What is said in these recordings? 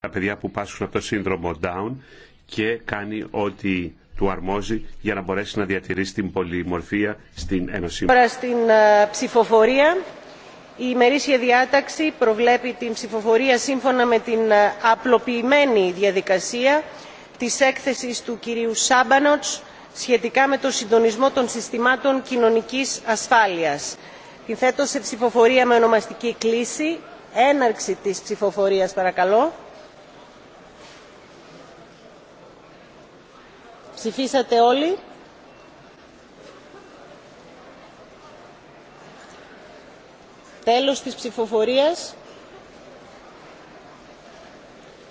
τα παιδιά που πάσχουν από το σύνδρομο Down και κάνει ό,τι του αρμόζει για να μπορέσει να διατηρήσει την πολυμορφία στην Ένωση. Τώρα στην ε, ψηφοφορία. Η ημερήσια διάταξη προβλέπει την ψηφοφορία σύμφωνα με την ε, απλοποιημένη διαδικασία της έκθεσης του κυρίου Σάμπανοτς σχετικά με το συντονισμό των συστημάτων κοινωνικής ασφάλειας. Την θέτω σε ψηφοφορία με ονομαστική κλίση. Έναρξη της ψηφοφορίας παρακαλώ. Ψηφίσατε όλοι. Τέλος της ψηφοφορίας.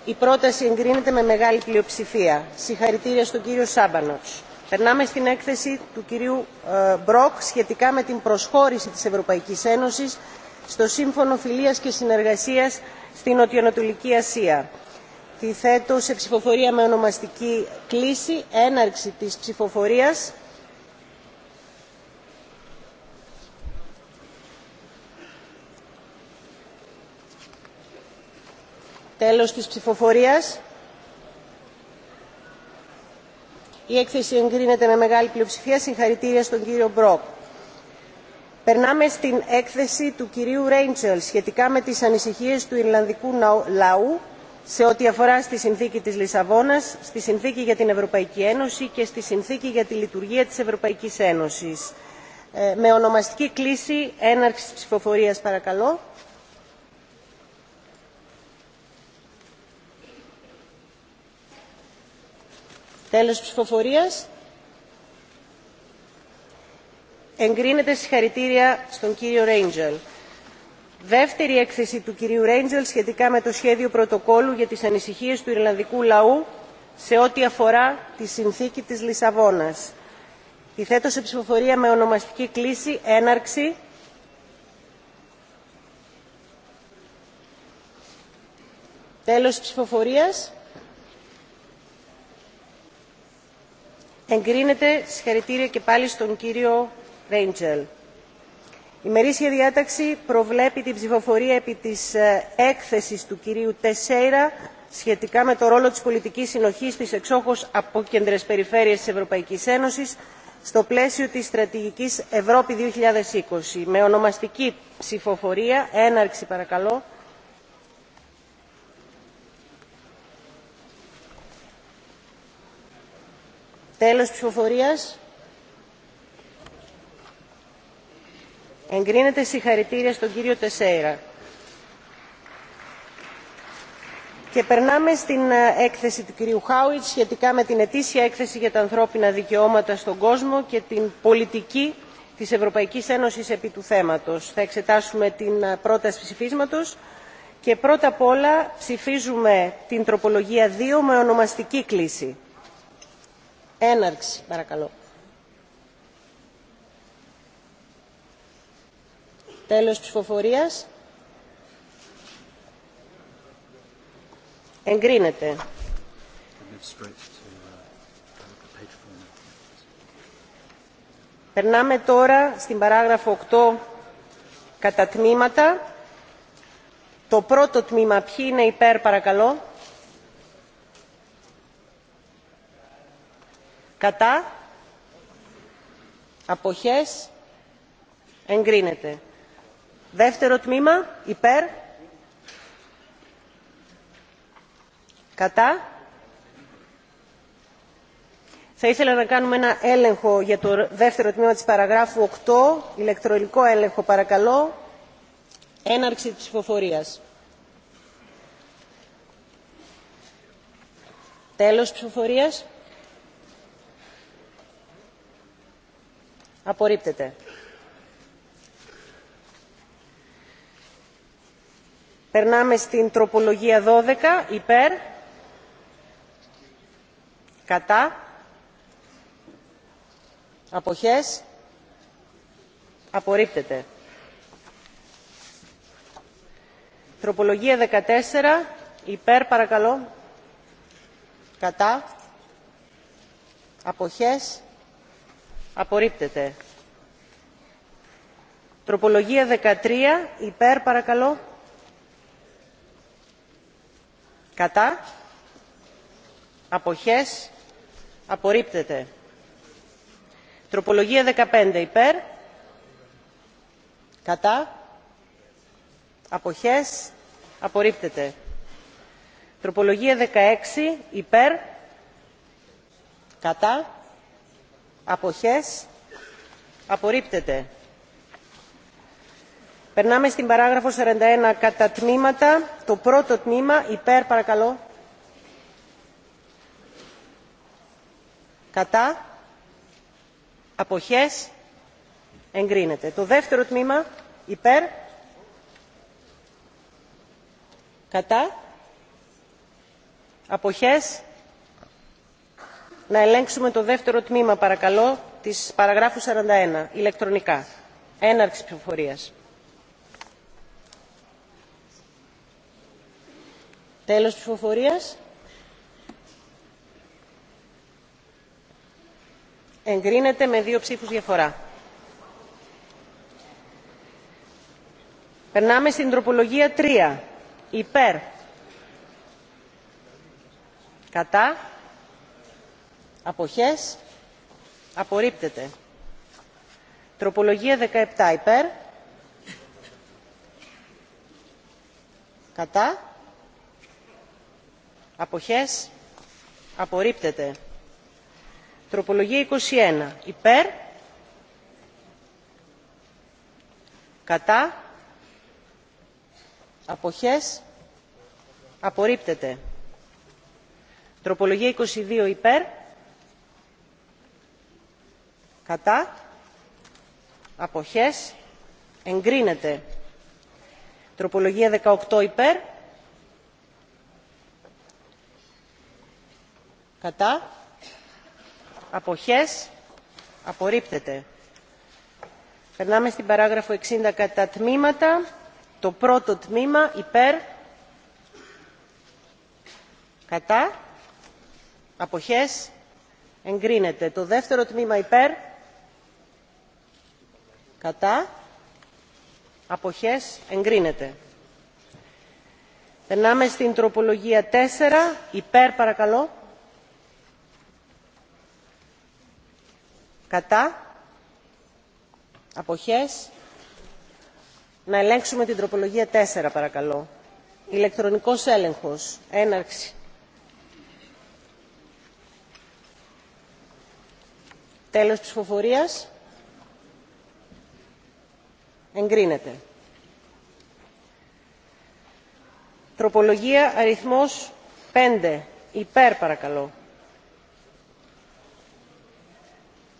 Η πρόταση εγκρίνεται με μεγάλη πλειοψηφία. Συγχαρητήρια στον κύριο Σάμπανοτς. Περνάμε στην έκθεση του κυρίου ε, Μπροκ σχετικά με την προσχώρηση της Ευρωπαϊκής Ένωσης στο Σύμφωνο Φιλίας και Συνεργασίας στην Νοτιοανατολική Ασία τη θέτω σε ψηφοφορία με ονομαστική κλίση. Έναρξη της ψηφοφορίας. Τέλος της ψηφοφορίας. Η έκθεση εγκρίνεται με μεγάλη πλειοψηφία. Συγχαρητήρια στον κύριο Μπρόκ. Περνάμε στην έκθεση του κυρίου Ρέιντσελ σχετικά με τις ανησυχίες του Ιρλανδικού λαού σε ό,τι αφορά στη συνθήκη της Λισαβόνας, στη συνθήκη για την Ευρωπαϊκή Ένωση και στη συνθήκη για τη λειτουργία της Ευρωπαϊκής Ένωσης. Ε, με ονομαστική κλίση έναρξης ψηφοφορίας παρακαλώ. Τέλος ψηφοφορίας. Εγκρίνεται συγχαρητήρια στον κύριο Ρέιντζελ δεύτερη έκθεση του κυρίου Ρέιντζελ σχετικά με το σχέδιο πρωτοκόλλου για τις ανησυχίες του Ιρλανδικού λαού σε ό,τι αφορά τη συνθήκη της Λισαβόνας. Τη θέτω σε ψηφοφορία με ονομαστική κλίση έναρξη. Τέλος ψηφοφορίας. Εγκρίνεται συγχαρητήρια και πάλι στον κύριο Ρέιντζελ. Η μερίσια διάταξη προβλέπει την ψηφοφορία επί της ε, έκθεσης του κυρίου Τεσέιρα σχετικά με το ρόλο της πολιτικής συνοχής στις εξόχως απόκεντρες περιφέρειες της Ευρωπαϊκής Ένωσης στο πλαίσιο της στρατηγικής Ευρώπη 2020. Με ονομαστική ψηφοφορία, έναρξη παρακαλώ. Τέλος ψηφοφορίας. Εγκρίνεται συγχαρητήρια στον κύριο Τεσέρα. Και περνάμε στην ε, έκθεση του κυρίου Χάουιτ σχετικά με την ετήσια έκθεση για τα ανθρώπινα δικαιώματα στον κόσμο και την πολιτική της Ευρωπαϊκής Ένωσης επί του θέματος. Θα εξετάσουμε την ε, πρόταση ψηφίσματος και πρώτα απ' όλα ψηφίζουμε την τροπολογία 2 με ονομαστική κλίση. Έναρξη, παρακαλώ. Τέλος ψηφοφορίας. Εγκρίνεται. Περνάμε τώρα στην παράγραφο 8 κατά τμήματα. Το πρώτο τμήμα, ποιοι είναι υπέρ παρακαλώ. Κατά. Αποχές. Εγκρίνεται δεύτερο τμήμα υπέρ κατά θα ήθελα να κάνουμε ένα έλεγχο για το δεύτερο τμήμα της παραγράφου 8 ηλεκτρονικό έλεγχο παρακαλώ έναρξη της ψηφοφορίας τέλος ψηφοφορίας απορρίπτεται Περνάμε στην τροπολογία 12. Υπέρ. Κατά. Αποχές. Απορρίπτεται. Τροπολογία 14. Υπέρ παρακαλώ. Κατά. Αποχές. Απορρίπτεται. Τροπολογία 13. Υπέρ παρακαλώ. κατά αποχές απορρίπτεται τροπολογία 15 υπέρ κατά αποχές απορρίπτεται τροπολογία 16 υπέρ κατά αποχές απορρίπτεται Περνάμε στην παράγραφο 41 κατά τμήματα. Το πρώτο τμήμα υπέρ παρακαλώ. Κατά. Αποχές. Εγκρίνεται. Το δεύτερο τμήμα υπέρ. Κατά. Αποχές. Να ελέγξουμε το δεύτερο τμήμα παρακαλώ της παραγράφου 41 ηλεκτρονικά. Έναρξη ψηφοφορίας. Τέλος ψηφοφορίας. Εγκρίνεται με δύο ψήφους διαφορά. Περνάμε στην τροπολογία 3. Υπέρ. Κατά. Αποχές. Απορρίπτεται. Τροπολογία 17. Υπέρ. Κατά αποχές απορρίπτεται τροπολογία 21 υπέρ κατά αποχές απορρίπτεται τροπολογία 22 υπέρ κατά αποχές εγκρίνεται τροπολογία 18 υπέρ κατά αποχές απορρίπτεται περνάμε στην παράγραφο 60 κατά τμήματα το πρώτο τμήμα υπέρ κατά αποχές εγκρίνεται το δεύτερο τμήμα υπέρ κατά αποχές εγκρίνεται περνάμε στην τροπολογία 4 υπέρ παρακαλώ κατά αποχές να ελέγξουμε την τροπολογία 4 παρακαλώ ηλεκτρονικός έλεγχος έναρξη τέλος ψηφοφορίας εγκρίνεται τροπολογία αριθμός 5 υπέρ παρακαλώ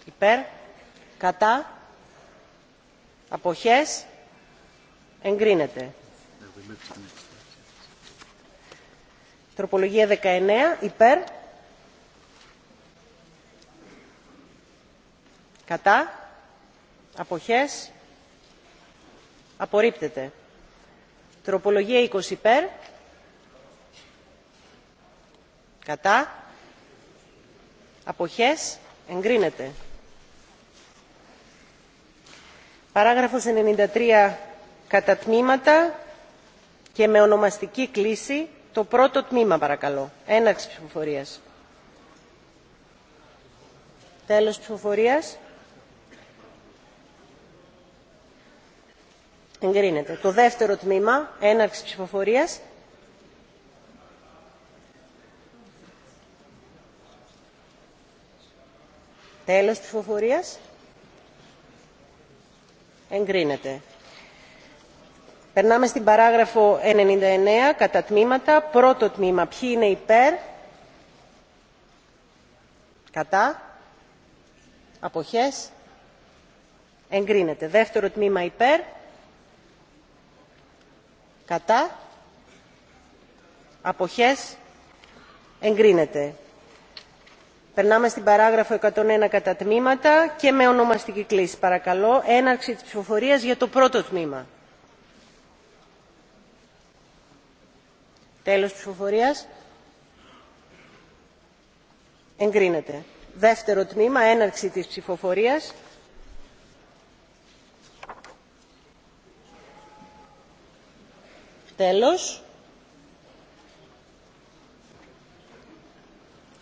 υπέρ κατά αποχές εγκρίνεται τροπολογία 19 υπέρ κατά αποχές απορρίπτεται τροπολογία 20 υπέρ κατά αποχές εγκρίνεται Παράγραφος 93 κατά τμήματα και με ονομαστική κλίση. Το πρώτο τμήμα παρακαλώ. Έναρξη ψηφοφορίας. Τέλος ψηφοφορίας. Εγκρίνεται. Το δεύτερο τμήμα, έναρξη ψηφοφορίας. Τέλος ψηφοφορίας εγκρίνεται. περνάμε στην παράγραφο 99 κατά τμήματα. πρώτο τμήμα ποιοι είναι υπέρ κατά αποχές εγκρίνεται. δεύτερο τμήμα υπέρ κατά αποχές εγκρίνεται. Περνάμε στην παράγραφο 101 κατά τμήματα και με ονομαστική κλίση παρακαλώ. Έναρξη της ψηφοφορίας για το πρώτο τμήμα. Τέλος ψηφοφορίας. Εγκρίνεται. Δεύτερο τμήμα, έναρξη της ψηφοφορίας. Τέλος.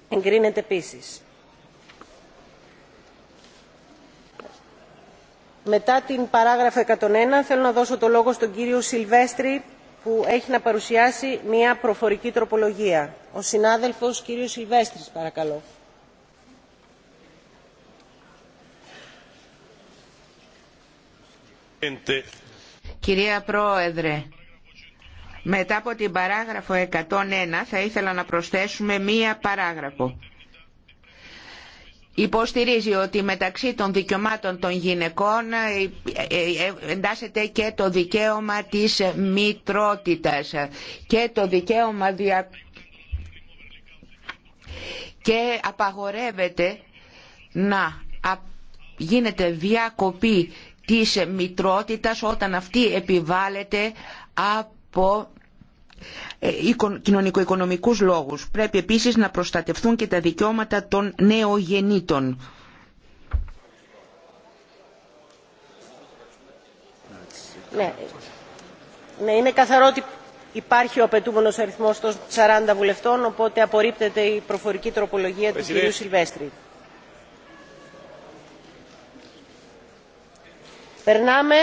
Εγκρίνεται επίση. Μετά την παράγραφο 101 θέλω να δώσω το λόγο στον κύριο Σιλβέστρη που έχει να παρουσιάσει μια προφορική τροπολογία. Ο συνάδελφος κύριος Σιλβέστρης παρακαλώ. Κυρία Πρόεδρε, μετά από την παράγραφο 101 θα ήθελα να προσθέσουμε μία παράγραφο. Υποστηρίζει ότι μεταξύ των δικαιωμάτων των γυναικών ε, ε, ε, εντάσσεται και το δικαίωμα της μητρότητας και το δικαίωμα δια... και απαγορεύεται να γίνεται διακοπή της μητρότητας όταν αυτή επιβάλλεται από ε, κοινωνικο-οικονομικούς λόγους. Πρέπει επίσης να προστατευτούν και τα δικαιώματα των νεογεννήτων. Ναι. ναι, είναι καθαρό ότι υπάρχει ο απαιτούμενος αριθμός των 40 βουλευτών, οπότε απορρίπτεται η προφορική τροπολογία του κυρίου Σιλβέστρη. Περνάμε.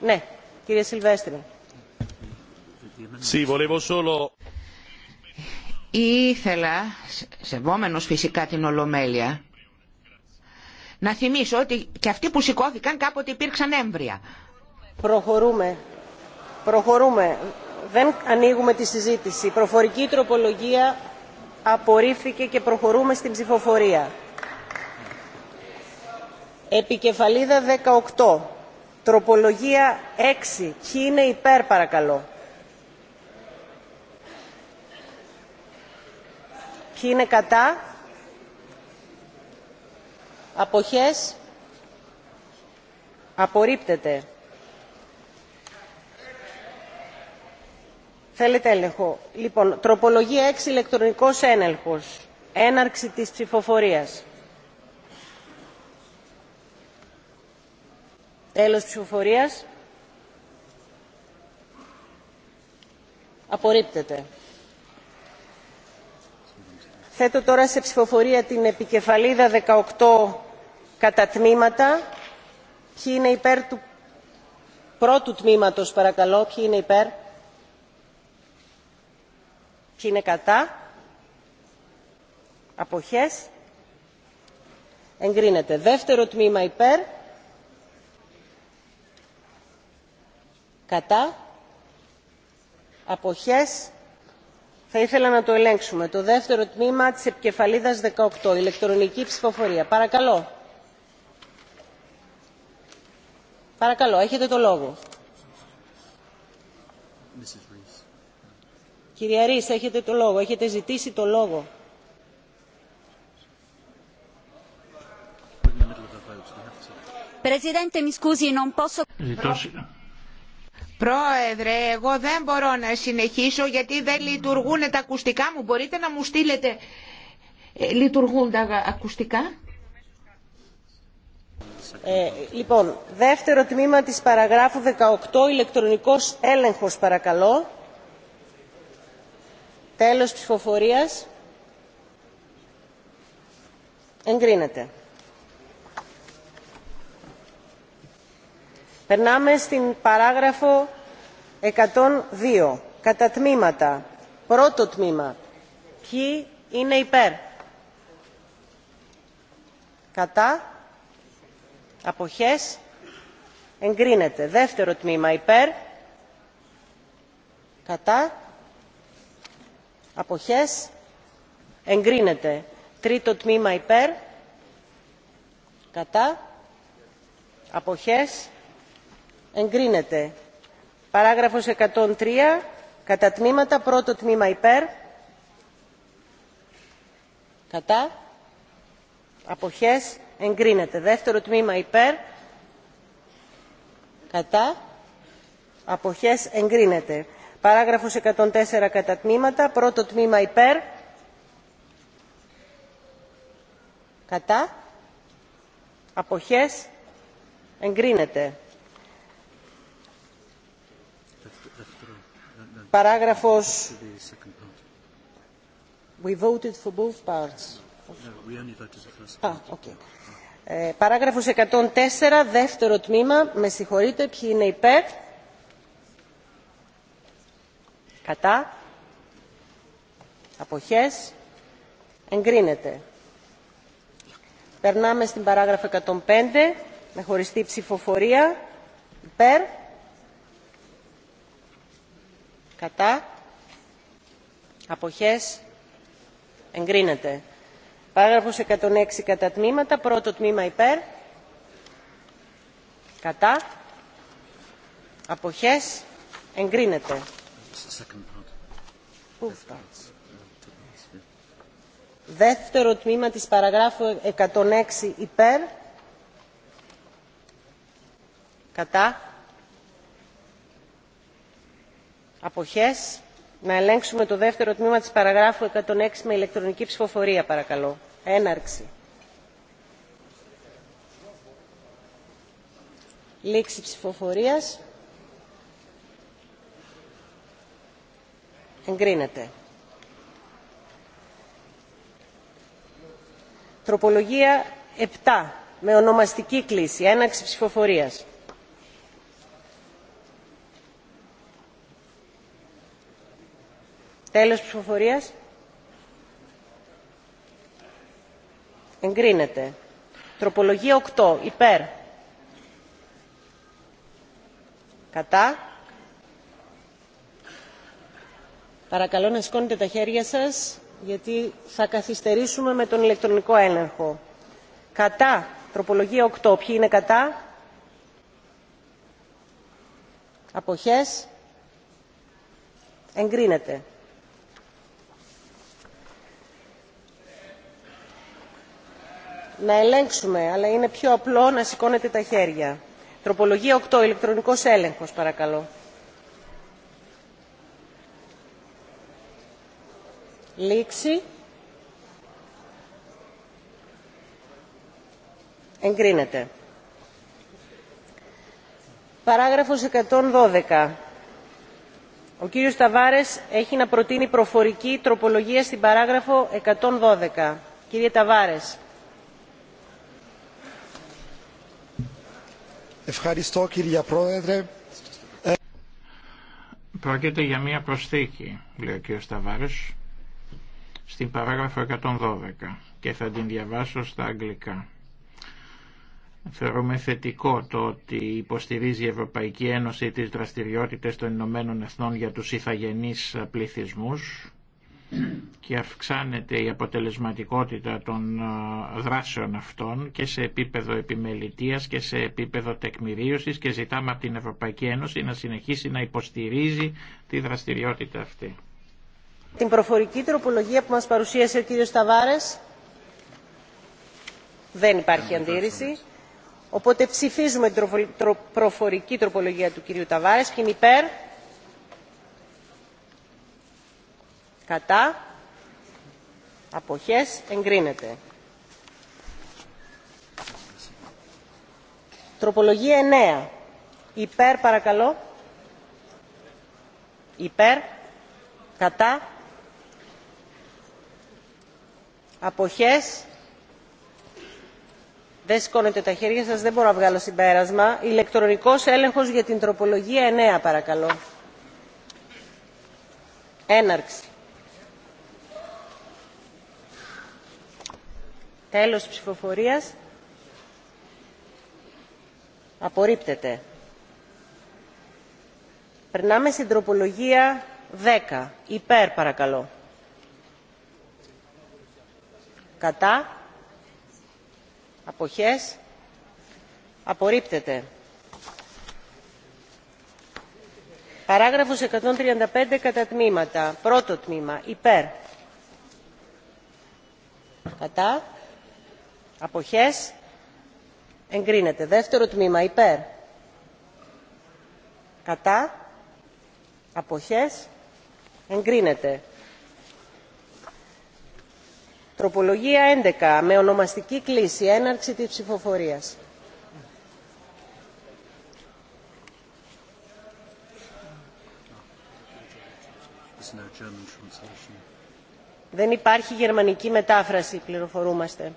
Ναι, κύριε Σιλβέστρη. Ήθελα, σεβόμενος φυσικά την Ολομέλεια, να θυμίσω ότι και αυτοί που σηκώθηκαν κάποτε υπήρξαν έμβρια. Προχωρούμε. Προχωρούμε. Δεν ανοίγουμε τη συζήτηση. Προφορική τροπολογία απορρίφθηκε και προχωρούμε στην ψηφοφορία. Επικεφαλίδα 18. Τροπολογία 6. Ποιοι είναι υπέρ παρακαλώ. Ποιοι είναι κατά. Αποχές. Απορρίπτεται. Θέλετε έλεγχο. Λοιπόν, τροπολογία 6 ηλεκτρονικός ένελχος. Έναρξη της ψηφοφορίας. Τέλος ψηφοφορίας. Απορρίπτεται θέτω τώρα σε ψηφοφορία την επικεφαλίδα 18 κατά τμήματα. Ποιοι είναι υπέρ του πρώτου τμήματος παρακαλώ. Ποιοι είναι υπέρ. Ποιοι είναι κατά. Αποχές. Εγκρίνεται. Δεύτερο τμήμα υπέρ. Κατά. Αποχές θα ήθελα να το ελέγξουμε το δεύτερο τμήμα της επικεφαλίδας 18 ηλεκτρονική ψηφοφορία παρακαλώ παρακαλώ έχετε το λόγο Κυρία Ρης, έχετε το λόγο. Έχετε ζητήσει το λόγο. Presidente, mi scusi, non posso... Πρόεδρε, εγώ δεν μπορώ να συνεχίσω γιατί δεν λειτουργούν τα ακουστικά μου. Μπορείτε να μου στείλετε... Ε, λειτουργούν τα ακουστικά. Ε, λοιπόν, δεύτερο τμήμα της παραγράφου 18, ηλεκτρονικός έλεγχος παρακαλώ. Τέλος ψηφοφορίας. Εγκρίνεται. Περνάμε στην παράγραφο 102. Κατά τμήματα. Πρώτο τμήμα. Ποιοι είναι υπέρ. Κατά. Αποχές. Εγκρίνεται. Δεύτερο τμήμα. Υπέρ. Κατά. Αποχές. Εγκρίνεται. Τρίτο τμήμα. Υπέρ. Κατά. Αποχές εγκρίνεται. Παράγραφος 103. Κατά τμήματα. Πρώτο τμήμα υπέρ. Κατά. Αποχές. Εγκρίνεται. Δεύτερο τμήμα υπέρ. Κατά. Αποχές. Εγκρίνεται. Παράγραφος 104. Κατά τμήματα. Πρώτο τμήμα υπέρ. Κατά. Αποχές. Εγκρίνεται. Παράγραφος... We voted for both parts. Ε, παράγραφος 104, δεύτερο τμήμα. Με συγχωρείτε, ποιοι είναι υπέρ. Κατά. Αποχές. Εγκρίνεται. Περνάμε στην παράγραφο 105, με χωριστή ψηφοφορία. Υπέρ κατά αποχές εγκρίνεται παράγραφος 106 κατά τμήματα πρώτο τμήμα υπέρ κατά αποχές εγκρίνεται δεύτερο τμήμα της παραγράφου 106 υπέρ κατά αποχές να ελέγξουμε το δεύτερο τμήμα της παραγράφου 106 με ηλεκτρονική ψηφοφορία παρακαλώ έναρξη λήξη ψηφοφορίας εγκρίνεται τροπολογία 7 με ονομαστική κλίση έναρξη ψηφοφορίας Τέλος ψηφοφορίας. Εγκρίνεται. Τροπολογία 8. Υπέρ. Κατά. Παρακαλώ να σηκώνετε τα χέρια σας, γιατί θα καθυστερήσουμε με τον ηλεκτρονικό έλεγχο. Κατά. Τροπολογία 8. Ποιοι είναι κατά. Αποχές. Εγκρίνεται. να ελέγξουμε αλλά είναι πιο απλό να σηκώνετε τα χέρια. Τροπολογία 8. Ηλεκτρονικός έλεγχος παρακαλώ. Λήξη. Εγκρίνεται. Παράγραφος 112. Ο κύριος Ταβάρες έχει να προτείνει προφορική τροπολογία στην παράγραφο 112. Κύριε Ταβάρες. Ευχαριστώ κύριε Πρόεδρε. Ε- Πρόκειται για μια προσθήκη, λέει ο κ. Σταβάρης, στην παράγραφο 112 και θα την διαβάσω στα αγγλικά. Θεωρούμε θετικό το ότι υποστηρίζει η Ευρωπαϊκή Ένωση τις δραστηριότητες των Ηνωμένων Εθνών για τους ηθαγενείς πληθυσμούς και αυξάνεται η αποτελεσματικότητα των ε, δράσεων αυτών και σε επίπεδο επιμελητίας και σε επίπεδο τεκμηρίωσης και ζητάμε από την Ευρωπαϊκή Ένωση να συνεχίσει να υποστηρίζει τη δραστηριότητα αυτή. Την προφορική τροπολογία που μας παρουσίασε ο κύριος Ταβάρες δεν υπάρχει αντίρρηση. Οπότε ψηφίζουμε την προφορική τροπολογία του κυρίου Ταβάρες. και είναι υπέρ. κατά αποχές εγκρίνεται τροπολογία 9 υπέρ παρακαλώ υπέρ κατά αποχές δεν σηκώνετε τα χέρια σας, δεν μπορώ να βγάλω συμπέρασμα. Ηλεκτρονικός έλεγχος για την τροπολογία 9, παρακαλώ. Έναρξη. Τέλος ψηφοφορίας. Απορρίπτεται. Περνάμε στην τροπολογία 10. Υπέρ παρακαλώ. Κατά. Αποχές. Απορρίπτεται. Παράγραφος 135 κατά τμήματα. Πρώτο τμήμα. Υπέρ. Κατά αποχές εγκρίνεται δεύτερο τμήμα υπέρ κατά αποχές εγκρίνεται τροπολογία 11 με ονομαστική κλίση έναρξη της ψηφοφορίας Δεν υπάρχει γερμανική μετάφραση, πληροφορούμαστε.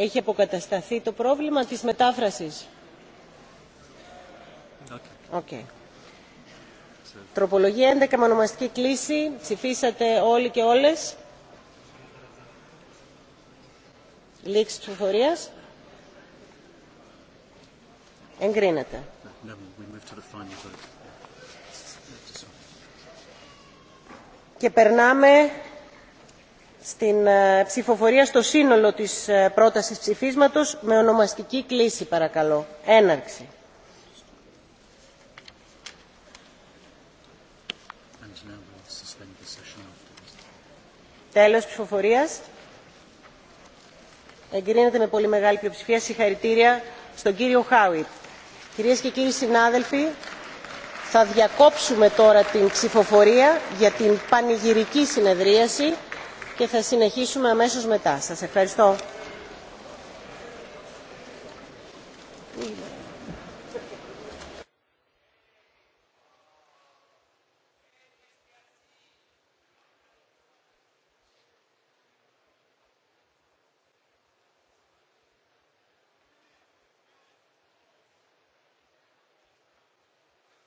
έχει αποκατασταθεί το πρόβλημα της μετάφρασης. Okay. Okay. Τροπολογία 11 με κλίση. Ψηφίσατε όλοι και όλες. Λήξη ψηφοφορίας. Εγκρίνεται. και περνάμε στην ε, ψηφοφορία στο σύνολο της ε, πρότασης ψηφίσματος με ονομαστική κλίση παρακαλώ. Έναρξη. Τέλος ψηφοφορίας. Εγκρίνεται με πολύ μεγάλη πλειοψηφία. Συγχαρητήρια στον κύριο Χάουιτ. Κυρίες και κύριοι συνάδελφοι, θα διακόψουμε τώρα την ψηφοφορία για την πανηγυρική συνεδρίαση και θα συνεχίσουμε αμέσως μετά. Σας ευχαριστώ.